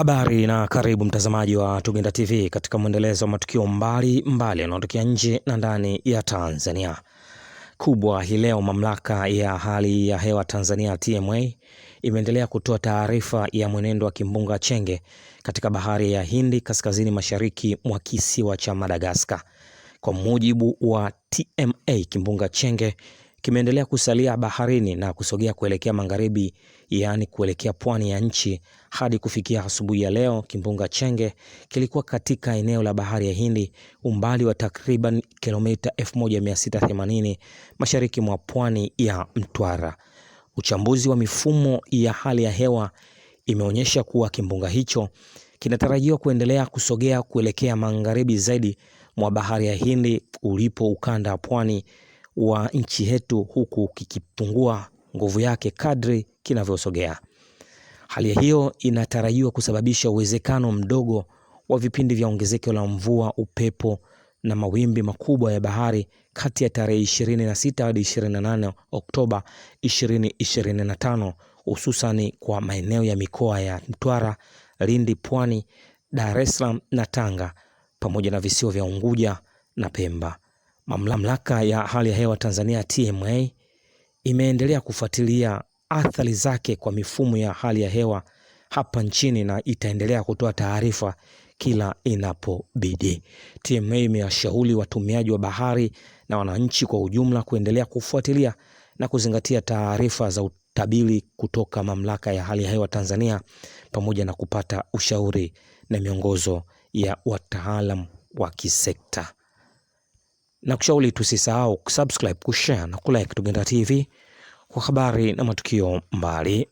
Habari na karibu mtazamaji wa Tugenda TV katika mwendelezo wa matukio mbali mbali yanayotokea nje na ndani ya Tanzania. Kubwa hii leo, mamlaka ya hali ya hewa Tanzania TMA imeendelea kutoa taarifa ya mwenendo wa kimbunga Chenge katika bahari ya Hindi kaskazini mashariki mwa kisiwa cha Madagaskar. Kwa mujibu wa TMA, kimbunga Chenge kimeendelea kusalia baharini na kusogea kuelekea magharibi, yaani kuelekea pwani ya nchi hadi kufikia asubuhi ya leo. Kimbunga Chenge kilikuwa katika eneo la bahari ya Hindi, umbali wa takriban kilomita 1680 mashariki mwa pwani ya Mtwara. Uchambuzi wa mifumo ya hali ya hewa imeonyesha kuwa kimbunga hicho kinatarajiwa kuendelea kusogea kuelekea magharibi zaidi mwa bahari ya Hindi ulipo ukanda wa pwani wa nchi yetu huku kikipungua nguvu yake kadri kinavyosogea. Hali hiyo inatarajiwa kusababisha uwezekano mdogo wa vipindi vya ongezeko la mvua, upepo na mawimbi makubwa ya bahari kati ya tarehe 26 hadi 28 Oktoba 2025 hususani kwa maeneo ya mikoa ya Mtwara, Lindi, Pwani, Dar es Salaam na Tanga pamoja na visiwa vya Unguja na Pemba. Mamlaka ya hali ya hewa Tanzania TMA imeendelea kufuatilia athari zake kwa mifumo ya hali ya hewa hapa nchini na itaendelea kutoa taarifa kila inapobidi. TMA imewashauri watumiaji wa bahari na wananchi kwa ujumla kuendelea kufuatilia na kuzingatia taarifa za utabiri kutoka Mamlaka ya hali ya hewa Tanzania pamoja na kupata ushauri na miongozo ya wataalamu wa kisekta na kushauri tusisahau kusubscribe, kushare na kulike Tugenda TV kwa habari na matukio mbali